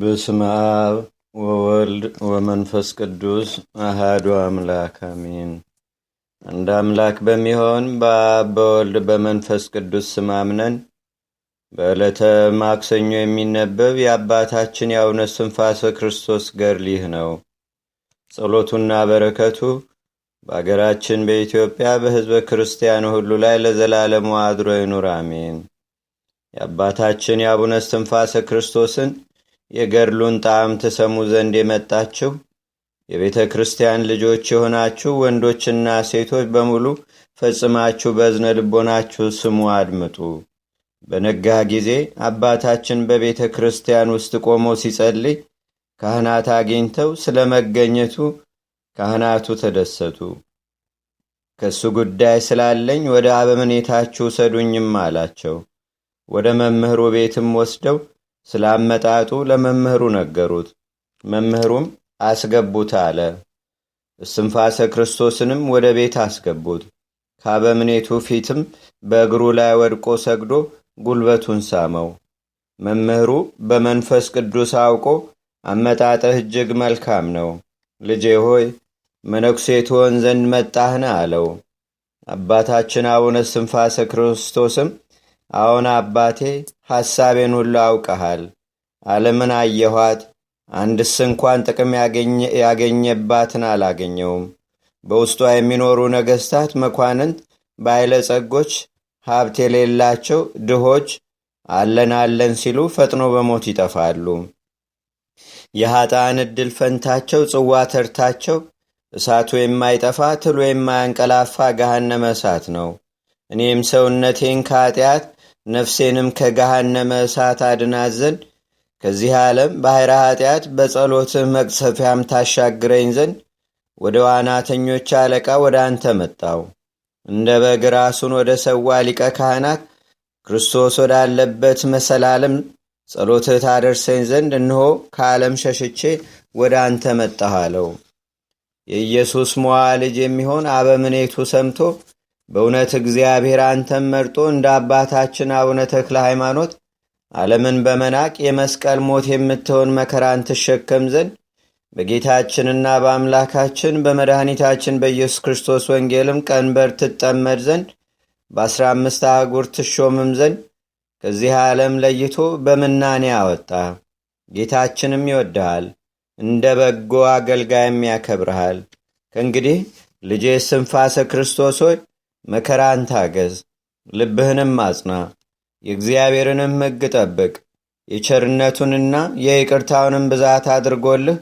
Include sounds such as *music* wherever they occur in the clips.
በስመ አብ ወወልድ ወመንፈስ ቅዱስ አህዱ አምላክ አሚን አንድ አምላክ በሚሆን በአብ በወልድ በመንፈስ ቅዱስ ስም አምነን በዕለተ ማክሰኞ የሚነበብ የአባታችን የአውነ ስንፋሰ ክርስቶስ ገርሊህ ነው። ጸሎቱና በረከቱ በአገራችን በኢትዮጵያ በሕዝበ ክርስቲያኑ ሁሉ ላይ ለዘላለሙ አድሮ ይኑር አሜን። የአባታችን የአቡነ ስንፋሰ ክርስቶስን የገድሉን ጣዕም ትሰሙ ዘንድ የመጣችሁ የቤተ ክርስቲያን ልጆች የሆናችሁ ወንዶችና ሴቶች በሙሉ ፈጽማችሁ በዝነ ልቦናችሁ ስሙ፣ አድምጡ። በነጋ ጊዜ አባታችን በቤተ ክርስቲያን ውስጥ ቆሞ ሲጸልይ ካህናት አግኝተው ስለ መገኘቱ ካህናቱ ተደሰቱ። ከእሱ ጉዳይ ስላለኝ ወደ አበምኔታችሁ ሰዱኝም አላቸው። ወደ መምህሩ ቤትም ወስደው ስለ አመጣጡ ለመምህሩ ነገሩት። መምህሩም አስገቡት አለ። እስንፋሰ ክርስቶስንም ወደ ቤት አስገቡት። ካበምኔቱ ፊትም በእግሩ ላይ ወድቆ ሰግዶ ጉልበቱን ሳመው። መምህሩ በመንፈስ ቅዱስ አውቆ አመጣጠህ እጅግ መልካም ነው፣ ልጄ ሆይ መነኩሴ ትሆን ዘንድ መጣህን አለው። አባታችን አቡነ ስንፋሰ ክርስቶስም አዎን አባቴ ሐሳቤን ሁሉ አውቀሃል። ዓለምን አየኋት፣ አንድስ እንኳን ጥቅም ያገኘባትን አላገኘውም። በውስጧ የሚኖሩ ነገሥታት፣ መኳንንት፣ ጸጎች ሀብት የሌላቸው ድሆች አለን አለን ሲሉ ፈጥኖ በሞት ይጠፋሉ። የሀጣን እድል ፈንታቸው ጽዋ ተርታቸው እሳቱ የማይጠፋ ትሉ የማያንቀላፋ ገሃነመ እሳት ነው። እኔም ሰውነቴን ከኃጢአት ነፍሴንም ከገሃነመ እሳት አድናት ዘንድ ከዚህ ዓለም ባሕረ ኃጢአት በጸሎትህ መቅሰፊያም ታሻግረኝ ዘንድ ወደ ዋናተኞች አለቃ ወደ አንተ መጣው። እንደ በግ ራሱን ወደ ሰዋ ሊቀ ካህናት ክርስቶስ ወዳለበት መሰላለም ጸሎትህ ታደርሰኝ ዘንድ እንሆ ከዓለም ሸሽቼ ወደ አንተ መጣህ አለው። የኢየሱስ መዋ ልጅ የሚሆን አበምኔቱ ሰምቶ በእውነት እግዚአብሔር አንተም መርጦ እንደ አባታችን አቡነ ተክለ ሃይማኖት ዓለምን በመናቅ የመስቀል ሞት የምትሆን መከራን ትሸከም ዘንድ በጌታችንና በአምላካችን በመድኃኒታችን በኢየሱስ ክርስቶስ ወንጌልም ቀንበር ትጠመድ ዘንድ በአስራ አምስት አህጉር ትሾምም ዘንድ ከዚህ ዓለም ለይቶ በምናኔ አወጣ። ጌታችንም ይወድሃል፣ እንደ በጎ አገልጋይም ያከብርሃል። ከእንግዲህ ልጄ ስንፋሰ ክርስቶስ ሆይ መከራን ታገዝ፣ ልብህንም አጽና፣ የእግዚአብሔርንም ሕግ ጠብቅ። የቸርነቱንና የይቅርታውንም ብዛት አድርጎልህ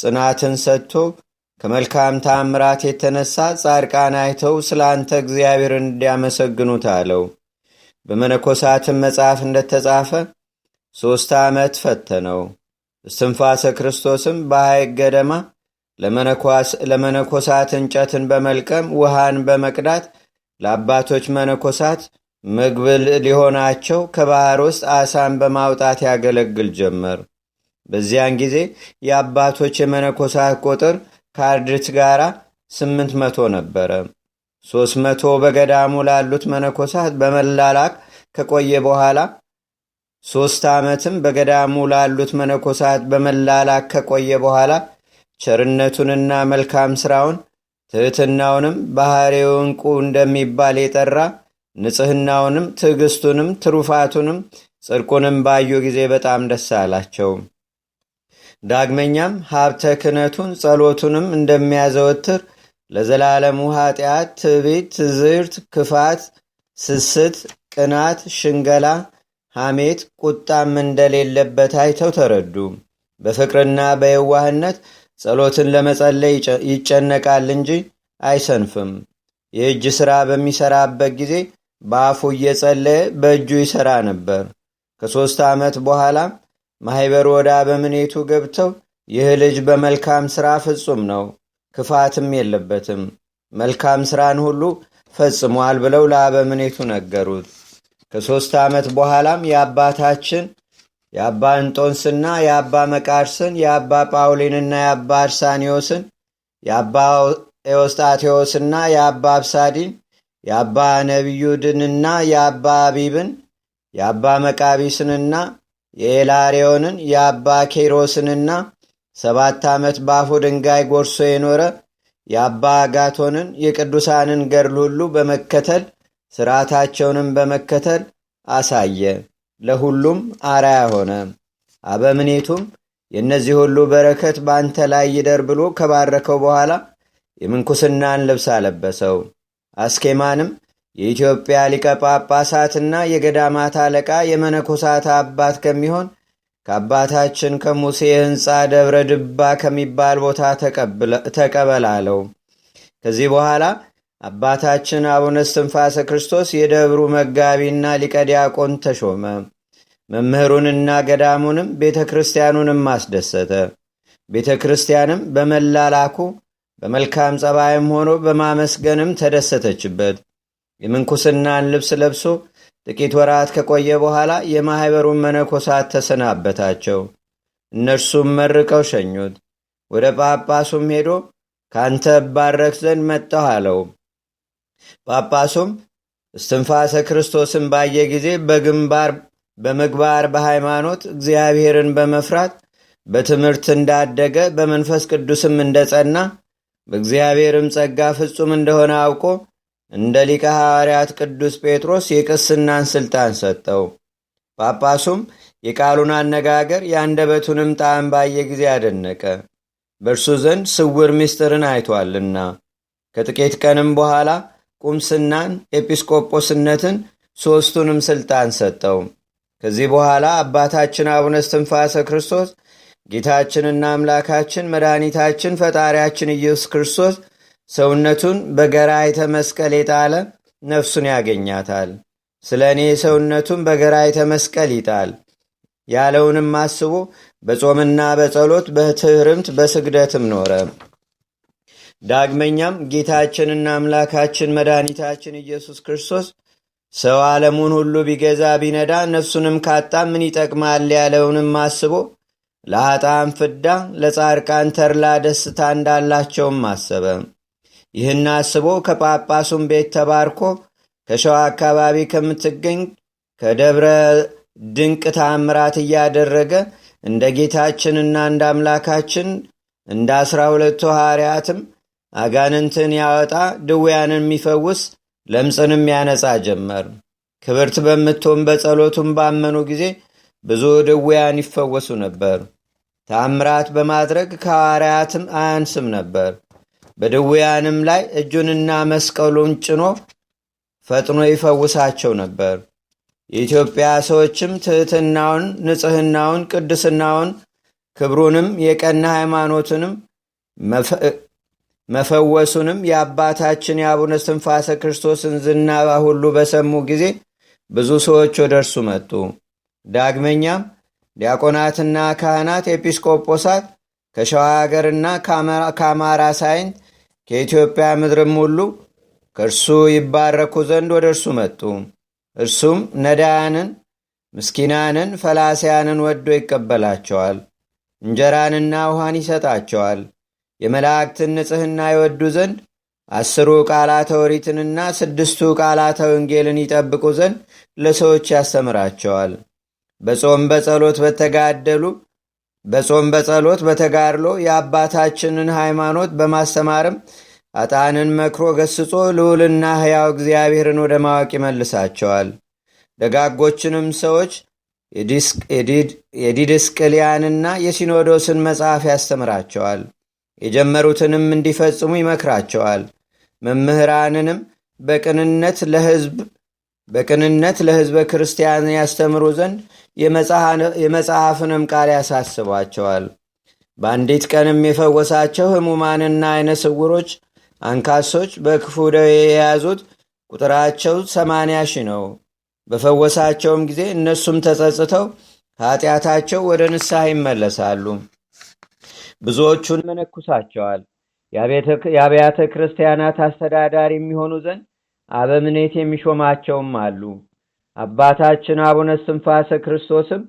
ጽናትን ሰጥቶ ከመልካም ታምራት የተነሳ ጻድቃን አይተው ስለ አንተ እግዚአብሔር እንዲያመሰግኑት አለው። በመነኮሳትም መጽሐፍ እንደተጻፈ ሦስት ዓመት ፈተነው። እስትንፋሰ ክርስቶስም በሐይቅ ገደማ ለመነኮሳት እንጨትን በመልቀም ውሃን በመቅዳት ለአባቶች መነኮሳት ምግብል ሊሆናቸው ከባህር ውስጥ አሳን በማውጣት ያገለግል ጀመር። በዚያን ጊዜ የአባቶች የመነኮሳት ቁጥር ካርድት ጋር ስምንት መቶ ነበረ። ሦስት መቶ በገዳሙ ላሉት መነኮሳት በመላላክ ከቆየ በኋላ ሦስት ዓመትም በገዳሙ ላሉት መነኮሳት በመላላክ ከቆየ በኋላ ቸርነቱንና መልካም ሥራውን ትሕትናውንም ባሕሬው እንቁ እንደሚባል የጠራ ንጽሕናውንም ትዕግስቱንም ትሩፋቱንም ጽድቁንም ባዩ ጊዜ በጣም ደስ አላቸው። ዳግመኛም ሀብተ ክነቱን ጸሎቱንም እንደሚያዘወትር ለዘላለሙ ኃጢአት፣ ትቢት ትዝርት፣ ክፋት፣ ስስት፣ ቅናት፣ ሽንገላ፣ ሐሜት፣ ቁጣም እንደሌለበት አይተው ተረዱ። በፍቅርና በየዋህነት ጸሎትን ለመጸለይ ይጨነቃል እንጂ አይሰንፍም። የእጅ ሥራ በሚሠራበት ጊዜ በአፉ እየጸለየ በእጁ ይሠራ ነበር። ከሦስት ዓመት በኋላ ማኅበር ወዳ በምኔቱ ገብተው ይህ ልጅ በመልካም ሥራ ፍጹም ነው፣ ክፋትም የለበትም፣ መልካም ሥራን ሁሉ ፈጽሟል ብለው ለአበምኔቱ ነገሩት። ከሦስት ዓመት በኋላም የአባታችን የአባ እንጦንስና የአባ መቃርስን የአባ ጳውሊንና የአባ አርሳኒዎስን የአባ ኤዎስጣቴዎስና የአባ አብሳዲን የአባ ነቢዩድንና የአባ አቢብን የአባ መቃቢስንና የኤላሬዮንን የአባ ኬሮስንና ሰባት ዓመት ባፉ ድንጋይ ጎርሶ የኖረ የአባ አጋቶንን የቅዱሳንን ገድል ሁሉ በመከተል ስርዓታቸውንም በመከተል አሳየ። ለሁሉም አራያ ሆነ። አበምኔቱም የእነዚህ ሁሉ በረከት በአንተ ላይ ይደር ብሎ ከባረከው በኋላ የምንኩስናን ልብስ አለበሰው። አስኬማንም የኢትዮጵያ ሊቀ ጳጳሳትና የገዳማት አለቃ የመነኮሳት አባት ከሚሆን ከአባታችን ከሙሴ ህንፃ ደብረ ድባ ከሚባል ቦታ ተቀበላለው። ከዚህ በኋላ አባታችን አቡነ እስትንፋሰ ክርስቶስ የደብሩ መጋቢና ሊቀዲያቆን ተሾመ። መምህሩንና ገዳሙንም ቤተ ክርስቲያኑንም አስደሰተ። ቤተ ክርስቲያንም በመላላኩ በመልካም ጸባይም ሆኖ በማመስገንም ተደሰተችበት። የምንኩስናን ልብስ ለብሶ ጥቂት ወራት ከቆየ በኋላ የማኅበሩን መነኮሳት ተሰናበታቸው። እነርሱም መርቀው ሸኙት። ወደ ጳጳሱም ሄዶ ካንተ እባረክ ዘንድ መጣሁ አለው። ጳጳሱም እስትንፋሰ ክርስቶስን ባየ ጊዜ በግንባር በምግባር በሃይማኖት እግዚአብሔርን በመፍራት በትምህርት እንዳደገ በመንፈስ ቅዱስም እንደጸና በእግዚአብሔርም ጸጋ ፍጹም እንደሆነ አውቆ እንደ ሊቀ ሐዋርያት ቅዱስ ጴጥሮስ የቅስናን ስልጣን ሰጠው። ጳጳሱም የቃሉን አነጋገር የአንደበቱንም ጣዕም ባየ ጊዜ አደነቀ፣ በእርሱ ዘንድ ስውር ምስጢርን አይቷልና። ከጥቂት ቀንም በኋላ ቁምስናን፣ ኤጲስቆጶስነትን ሦስቱንም ሥልጣን ሰጠው። ከዚህ በኋላ አባታችን አቡነ እስትንፋሰ ክርስቶስ ጌታችንና አምላካችን መድኃኒታችን ፈጣሪያችን ኢየሱስ ክርስቶስ ሰውነቱን በገራይተ መስቀል የጣለ ነፍሱን ያገኛታል። ስለ እኔ ሰውነቱን በገራይተ መስቀል ይጣል ያለውንም አስቦ በጾምና በጸሎት በትህርምት በስግደትም ኖረ። ዳግመኛም ጌታችንና አምላካችን መድኃኒታችን ኢየሱስ ክርስቶስ ሰው ዓለሙን ሁሉ ቢገዛ ቢነዳ ነፍሱንም ካጣ ምን ይጠቅማል ያለውንም አስቦ ለአጣም ፍዳ ለጻድቃን ተርላ ደስታ እንዳላቸውም አሰበ። ይህን አስቦ ከጳጳሱም ቤት ተባርኮ ከሸዋ አካባቢ ከምትገኝ ከደብረ ድንቅ ታምራት እያደረገ እንደ ጌታችንና እንደ አምላካችን እንደ አስራ ሁለቱ ሐዋርያትም አጋንንትን ያወጣ፣ ድውያንን የሚፈውስ፣ ለምጽንም ያነጻ ጀመር። ክብርት በምትሆን በጸሎቱም ባመኑ ጊዜ ብዙ ድውያን ይፈወሱ ነበር። ታምራት በማድረግ ከሐዋርያትም አያንስም ነበር። በድውያንም ላይ እጁንና መስቀሉን ጭኖ ፈጥኖ ይፈውሳቸው ነበር። የኢትዮጵያ ሰዎችም ትሕትናውን፣ ንጽሕናውን፣ ቅድስናውን፣ ክብሩንም የቀና ሃይማኖትንም መፈወሱንም የአባታችን የአቡነ ስንፋሰ ክርስቶስን ዝናባ ሁሉ በሰሙ ጊዜ ብዙ ሰዎች ወደ እርሱ መጡ። ዳግመኛም ዲያቆናትና ካህናት፣ ኤጲስቆጶሳት ከሸዋ አገርና ከአማራ ሳይንት ከኢትዮጵያ ምድርም ሁሉ ከእርሱ ይባረኩ ዘንድ ወደ እርሱ መጡ። እርሱም ነዳያንን፣ ምስኪናንን፣ ፈላሲያንን ወዶ ይቀበላቸዋል። እንጀራንና ውሃን ይሰጣቸዋል። የመላእክትን ንጽሕና ይወዱ ዘንድ አስሩ ቃላተ ወሪትንና ስድስቱ ቃላተ ወንጌልን ይጠብቁ ዘንድ ለሰዎች ያስተምራቸዋል። በጾም በጸሎት በተጋደሉ በጾም በጸሎት በተጋድሎ የአባታችንን ሃይማኖት በማስተማርም አጣንን መክሮ ገስጾ ልዑልና ሕያው እግዚአብሔርን ወደ ማወቅ ይመልሳቸዋል። ደጋጎችንም ሰዎች የዲድስቅልያንና የሲኖዶስን መጽሐፍ ያስተምራቸዋል። የጀመሩትንም እንዲፈጽሙ ይመክራቸዋል። መምህራንንም በቅንነት ለህዝበ በቅንነት ክርስቲያን ያስተምሩ ዘንድ የመጽሐፍንም ቃል ያሳስቧቸዋል። በአንዲት ቀንም የፈወሳቸው ህሙማንና አይነ ስውሮች፣ አንካሶች፣ በክፉ ደዌ የያዙት ቁጥራቸው ሰማንያ ሺ ነው። በፈወሳቸውም ጊዜ እነሱም ተጸጽተው ኃጢአታቸው ወደ ንስሐ ይመለሳሉ። ብዙዎቹን መነኩሳቸዋል። የአብያተ ክርስቲያናት አስተዳዳሪ የሚሆኑ ዘንድ አበምኔት የሚሾማቸውም አሉ። አባታችን አቡነ ስንፋሰ ክርስቶስም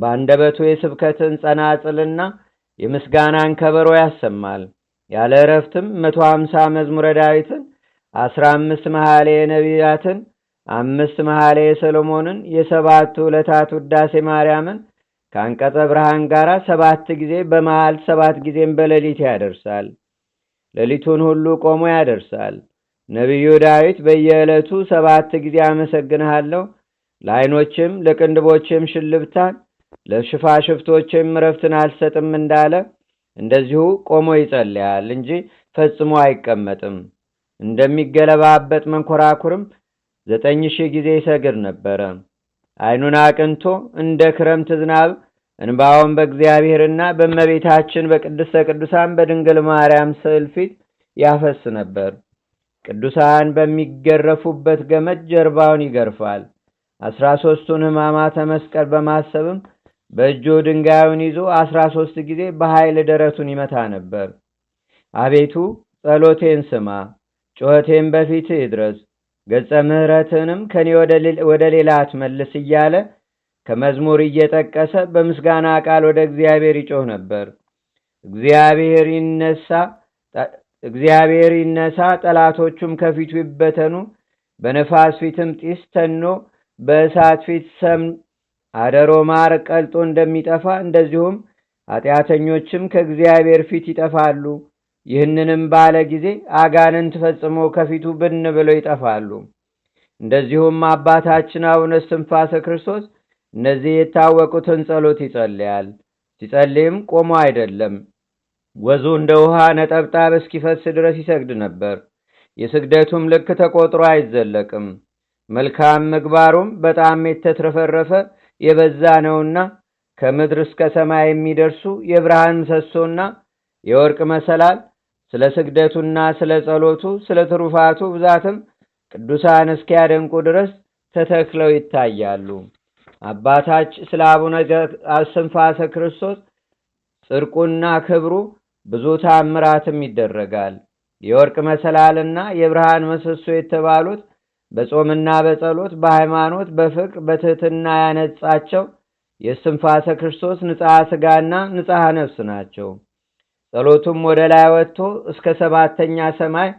በአንደበቱ የስብከትን ጸናጽልና የምስጋናን ከበሮ ያሰማል። ያለ እረፍትም መቶ ሀምሳ መዝሙረ ዳዊትን፣ አስራ አምስት መሐሌ የነቢያትን አምስት መሐሌ ሰሎሞንን፣ የሰባቱ ዕለታት ውዳሴ ማርያምን ከአንቀጸ ብርሃን ጋር ሰባት ጊዜ በመሃል ሰባት ጊዜም በሌሊት ያደርሳል። ሌሊቱን ሁሉ ቆሞ ያደርሳል። ነቢዩ ዳዊት በየዕለቱ ሰባት ጊዜ አመሰግንሃለሁ፣ ለዓይኖችም ለቅንድቦችም ሽልብታን ለሽፋሽፍቶችም እረፍትን አልሰጥም እንዳለ እንደዚሁ ቆሞ ይጸልያል እንጂ ፈጽሞ አይቀመጥም። እንደሚገለባበት መንኮራኩርም ዘጠኝ ሺህ ጊዜ ይሰግር ነበረ። ዓይኑን አቅንቶ እንደ ክረምት ዝናብ እንባውን በእግዚአብሔርና በእመቤታችን በቅድስተ ቅዱሳን በድንግል ማርያም ስዕል ፊት ያፈስ ነበር። ቅዱሳን በሚገረፉበት ገመድ ጀርባውን ይገርፋል። አስራ ሶስቱን ሕማማተ መስቀል በማሰብም በእጁ ድንጋዩን ይዞ አስራ ሶስት ጊዜ በኃይል ደረቱን ይመታ ነበር። አቤቱ ጸሎቴን ስማ፣ ጩኸቴን በፊትህ ይድረስ፣ ገጸ ምሕረትንም ከኔ ወደ ሌላ አትመልስ እያለ ከመዝሙር እየጠቀሰ በምስጋና ቃል ወደ እግዚአብሔር ይጮህ ነበር። እግዚአብሔር ይነሳ፣ ጠላቶቹም ከፊቱ ይበተኑ። በነፋስ ፊትም ጢስ ተኖ በእሳት ፊት ሰም አደሮ ማር ቀልጦ እንደሚጠፋ እንደዚሁም አጢአተኞችም ከእግዚአብሔር ፊት ይጠፋሉ። ይህንንም ባለ ጊዜ አጋንንት ፈጽሞ ከፊቱ ብን ብለው ይጠፋሉ። እንደዚሁም አባታችን አቡነ ስንፋሰ ክርስቶስ እነዚህ የታወቁትን ጸሎት ይጸልያል። ሲጸልይም ቆሞ አይደለም፣ ወዙ እንደ ውሃ ነጠብጣብ እስኪፈስ ድረስ ይሰግድ ነበር። የስግደቱም ልክ ተቆጥሮ አይዘለቅም። መልካም ምግባሩም በጣም የተትረፈረፈ የበዛ ነውና ከምድር እስከ ሰማይ የሚደርሱ የብርሃን ምሰሶና የወርቅ መሰላል ስለ ስግደቱና ስለ ጸሎቱ ስለ ትሩፋቱ ብዛትም ቅዱሳን እስኪያደንቁ ድረስ ተተክለው ይታያሉ። አባታች ስለ አቡነ አስንፋሰ ክርስቶስ ጽርቁና ክብሩ ብዙ ታምራትም ይደረጋል። የወርቅ መሰላልና የብርሃን ምሰሶ የተባሉት በጾምና በጸሎት በሃይማኖት በፍቅር በትህትና ያነጻቸው የስንፋሰ ክርስቶስ ንጽሐ ሥጋና ንጽሐ ነፍስ ናቸው። ጸሎቱም ወደ ላይ ወጥቶ እስከ ሰባተኛ ሰማይ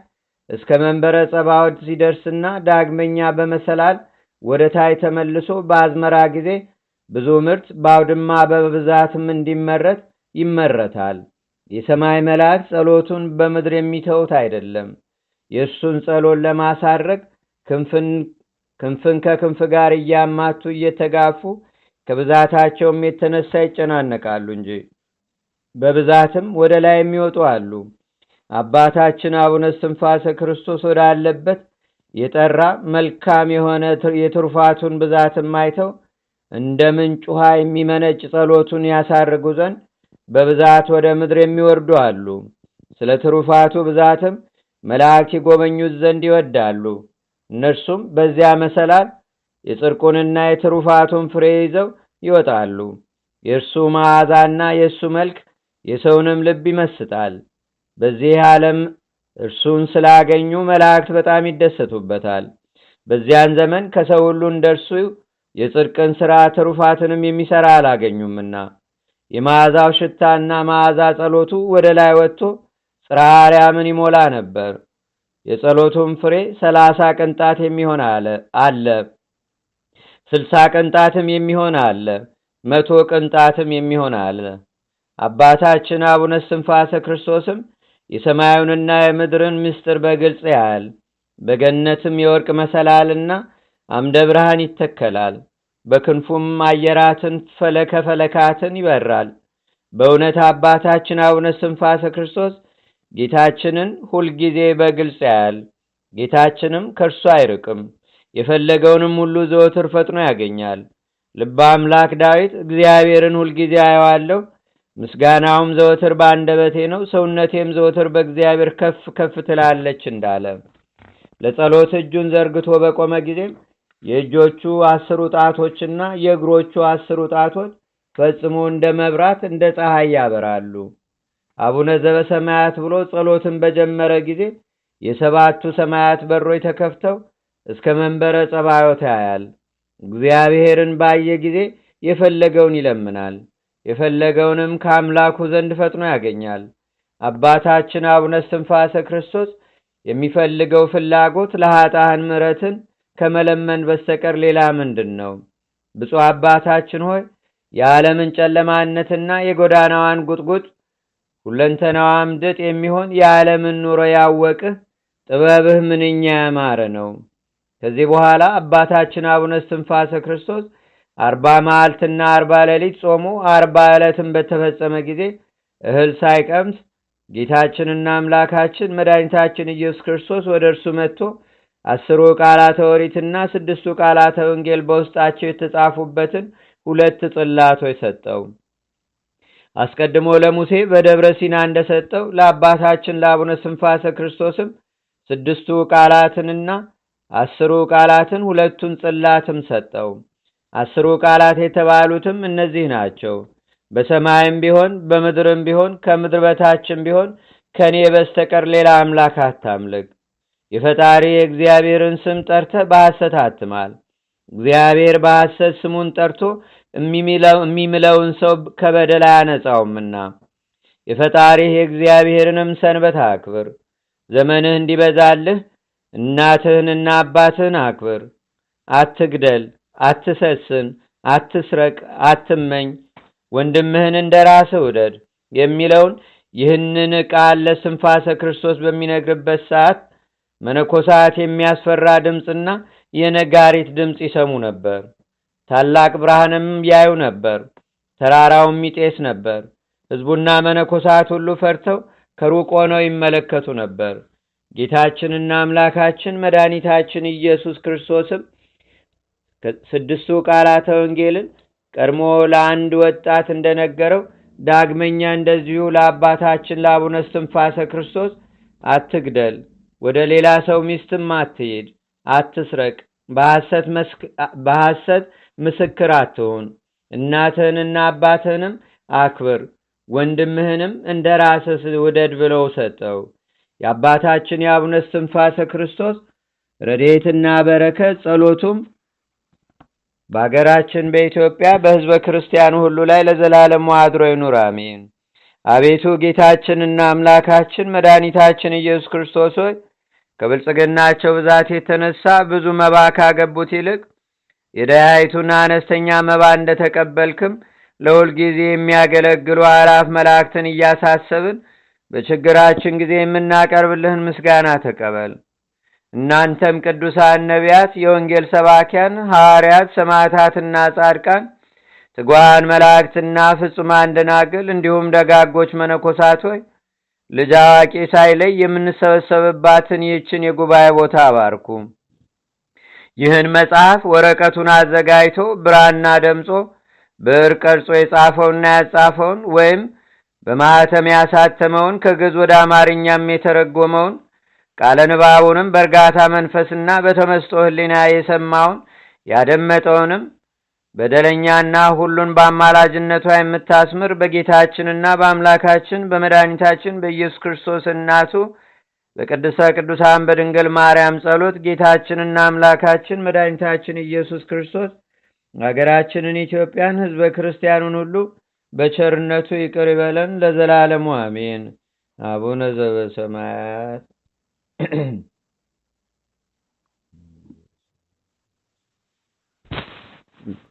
እስከ መንበረ ጸባዖት ሲደርስና ዳግመኛ በመሰላል ወደ ታይ ተመልሶ በአዝመራ ጊዜ ብዙ ምርት በአውድማ በብዛትም እንዲመረት ይመረታል። የሰማይ መልአክ ጸሎቱን በምድር የሚተውት አይደለም። የእሱን ጸሎት ለማሳረግ ክንፍን ከክንፍ ጋር እያማቱ እየተጋፉ ከብዛታቸውም የተነሳ ይጨናነቃሉ እንጂ በብዛትም ወደ ላይ የሚወጡ አሉ። አባታችን አቡነ እስትንፋሰ ክርስቶስ ወዳለበት የጠራ መልካም የሆነ የትሩፋቱን ብዛትም አይተው እንደ ምንጭ ውሃ የሚመነጭ ጸሎቱን ያሳርጉ ዘንድ በብዛት ወደ ምድር የሚወርዱ አሉ። ስለ ትሩፋቱ ብዛትም መልአክ ይጎበኙት ዘንድ ይወዳሉ። እነርሱም በዚያ መሰላል የጽርቁንና የትሩፋቱን ፍሬ ይዘው ይወጣሉ። የእርሱ መዓዛና የእሱ መልክ የሰውንም ልብ ይመስጣል። በዚህ ዓለም እርሱን ስላገኙ መላእክት በጣም ይደሰቱበታል። በዚያን ዘመን ከሰው ሁሉ እንደርሱ የጽድቅን ሥራ ትሩፋትንም የሚሠራ አላገኙምና የመዓዛው ሽታና መዓዛ ጸሎቱ ወደ ላይ ወጥቶ ጽርሐ አርያምን ይሞላ ነበር። የጸሎቱም ፍሬ ሰላሳ ቅንጣት የሚሆን አለ፣ ስልሳ ቅንጣትም የሚሆን አለ፣ መቶ ቅንጣትም የሚሆን አለ። አባታችን አቡነ እስትንፋሰ ክርስቶስም የሰማዩንና የምድርን ምስጢር በግልጽ ያያል። በገነትም የወርቅ መሰላልና አምደ ብርሃን ይተከላል። በክንፉም አየራትን ፈለከ ፈለካትን ይበራል። በእውነት አባታችን አቡነ ስንፋሰ ክርስቶስ ጌታችንን ሁልጊዜ በግልጽ ያያል። ጌታችንም ከእርሱ አይርቅም። የፈለገውንም ሁሉ ዘወትር ፈጥኖ ያገኛል። ልበ አምላክ ዳዊት እግዚአብሔርን ሁልጊዜ አየዋለሁ ምስጋናውም ዘወትር በአንደበቴ ነው፣ ሰውነቴም ዘወትር በእግዚአብሔር ከፍ ከፍ ትላለች እንዳለ ለጸሎት እጁን ዘርግቶ በቆመ ጊዜም የእጆቹ አስሩ ጣቶችና የእግሮቹ አስሩ ጣቶች ፈጽሞ እንደ መብራት እንደ ፀሐይ ያበራሉ። አቡነ ዘበሰማያት ብሎ ጸሎትን በጀመረ ጊዜ የሰባቱ ሰማያት በሮች ተከፍተው እስከ መንበረ ጸባዮት ያያል። እግዚአብሔርን ባየ ጊዜ የፈለገውን ይለምናል። የፈለገውንም ከአምላኩ ዘንድ ፈጥኖ ያገኛል። አባታችን አቡነ እስትንፋሰ ክርስቶስ የሚፈልገው ፍላጎት ለኃጣህን ምሕረትን ከመለመን በስተቀር ሌላ ምንድን ነው? ብፁዕ አባታችን ሆይ የዓለምን ጨለማነትና የጎዳናዋን ጉጥጉጥ ሁለንተናዋም ድጥ የሚሆን የዓለምን ኑሮ ያወቅህ ጥበብህ ምንኛ ያማረ ነው። ከዚህ በኋላ አባታችን አቡነ እስትንፋሰ ክርስቶስ አርባ መዓልትና አርባ ሌሊት ጾሙ አርባ ዕለትም በተፈጸመ ጊዜ እህል ሳይቀምስ ጌታችንና አምላካችን መድኃኒታችን ኢየሱስ ክርስቶስ ወደ እርሱ መጥቶ አስሩ ቃላተ ኦሪትና ስድስቱ ቃላተ ወንጌል በውስጣቸው የተጻፉበትን ሁለት ጽላቶች ሰጠው። አስቀድሞ ለሙሴ በደብረ ሲና እንደሰጠው ለአባታችን ለአቡነ ስንፋሰ ክርስቶስም ስድስቱ ቃላትንና አስሩ ቃላትን ሁለቱን ጽላትም ሰጠው። አስሩ ቃላት የተባሉትም እነዚህ ናቸው። በሰማይም ቢሆን በምድርም ቢሆን ከምድር በታችም ቢሆን ከእኔ በስተቀር ሌላ አምላክ አታምልክ። የፈጣሪ የእግዚአብሔርን ስም ጠርተ በሐሰት አትማል። እግዚአብሔር በሐሰት ስሙን ጠርቶ የሚምለውን ሰው ከበደል አያነጻውምና የፈጣሪህ የእግዚአብሔርንም ሰንበት አክብር። ዘመንህ እንዲበዛልህ እናትህንና አባትህን አክብር። አትግደል። አትሰስን፣ አትስረቅ፣ አትመኝ፣ ወንድምህን እንደ ራስህ ውደድ የሚለውን ይህንን ቃል ለስንፋሰ ክርስቶስ በሚነግርበት ሰዓት መነኮሳት የሚያስፈራ ድምፅና የነጋሪት ድምፅ ይሰሙ ነበር። ታላቅ ብርሃንም ያዩ ነበር። ተራራውም ይጤስ ነበር። ሕዝቡና መነኮሳት ሁሉ ፈርተው ከሩቅ ሆነው ይመለከቱ ነበር። ጌታችንና አምላካችን መድኃኒታችን ኢየሱስ ክርስቶስም ስድስቱ ቃላተ ወንጌልን ቀድሞ ለአንድ ወጣት እንደነገረው ዳግመኛ እንደዚሁ ለአባታችን ለአቡነ እስትንፋሰ ክርስቶስ አትግደል፣ ወደ ሌላ ሰው ሚስትም አትሄድ አትስረቅ፣ በሐሰት ምስክር አትሆን እናትህንና አባትህንም አክብር፣ ወንድምህንም እንደ ራስህ ውደድ ብለው ሰጠው። የአባታችን የአቡነ እስትንፋሰ ክርስቶስ ረዴትና በረከት ጸሎቱም በአገራችን በኢትዮጵያ በሕዝበ ክርስቲያኑ ሁሉ ላይ ለዘላለሙ አድሮ ይኑር፣ አሜን። አቤቱ ጌታችንና አምላካችን መድኃኒታችን ኢየሱስ ክርስቶስ ሆይ ከብልጽግናቸው ብዛት የተነሳ ብዙ መባ ካገቡት ይልቅ የደሃይቱን አነስተኛ መባ እንደተቀበልክም ለሁል ጊዜ የሚያገለግሉ አእላፍ መላእክትን እያሳሰብን በችግራችን ጊዜ የምናቀርብልህን ምስጋና ተቀበል። እናንተም ቅዱሳን ነቢያት፣ የወንጌል ሰባኪያን ሐዋርያት፣ ሰማዕታትና ጻድቃን፣ ትጓን መላእክትና ፍጹማን ደናግል እንዲሁም ደጋጎች መነኮሳት ሆይ ልጅ አዋቂ ሳይለይ የምንሰበሰብባትን ይህችን የጉባኤ ቦታ አባርኩ። ይህን መጽሐፍ ወረቀቱን አዘጋጅቶ ብራና ደምጾ ብር ቀርጾ የጻፈውና ያጻፈውን ወይም በማኅተም ያሳተመውን ከግዕዝ ወደ አማርኛም የተረጎመውን ቃለ ንባቡንም በእርጋታ መንፈስና በተመስጦ ህሊና የሰማውን ያደመጠውንም በደለኛና ሁሉን በአማላጅነቷ የምታስምር በጌታችንና በአምላካችን በመድኃኒታችን በኢየሱስ ክርስቶስ እናቱ በቅድስተ ቅዱሳን በድንግል ማርያም ጸሎት ጌታችንና አምላካችን መድኃኒታችን ኢየሱስ ክርስቶስ አገራችንን ኢትዮጵያን ህዝበ ክርስቲያኑን ሁሉ በቸርነቱ ይቅር ይበለን ለዘላለሙ አሜን። አቡነ ዘበሰማያት Mm-hmm.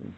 *clears throat* *clears throat*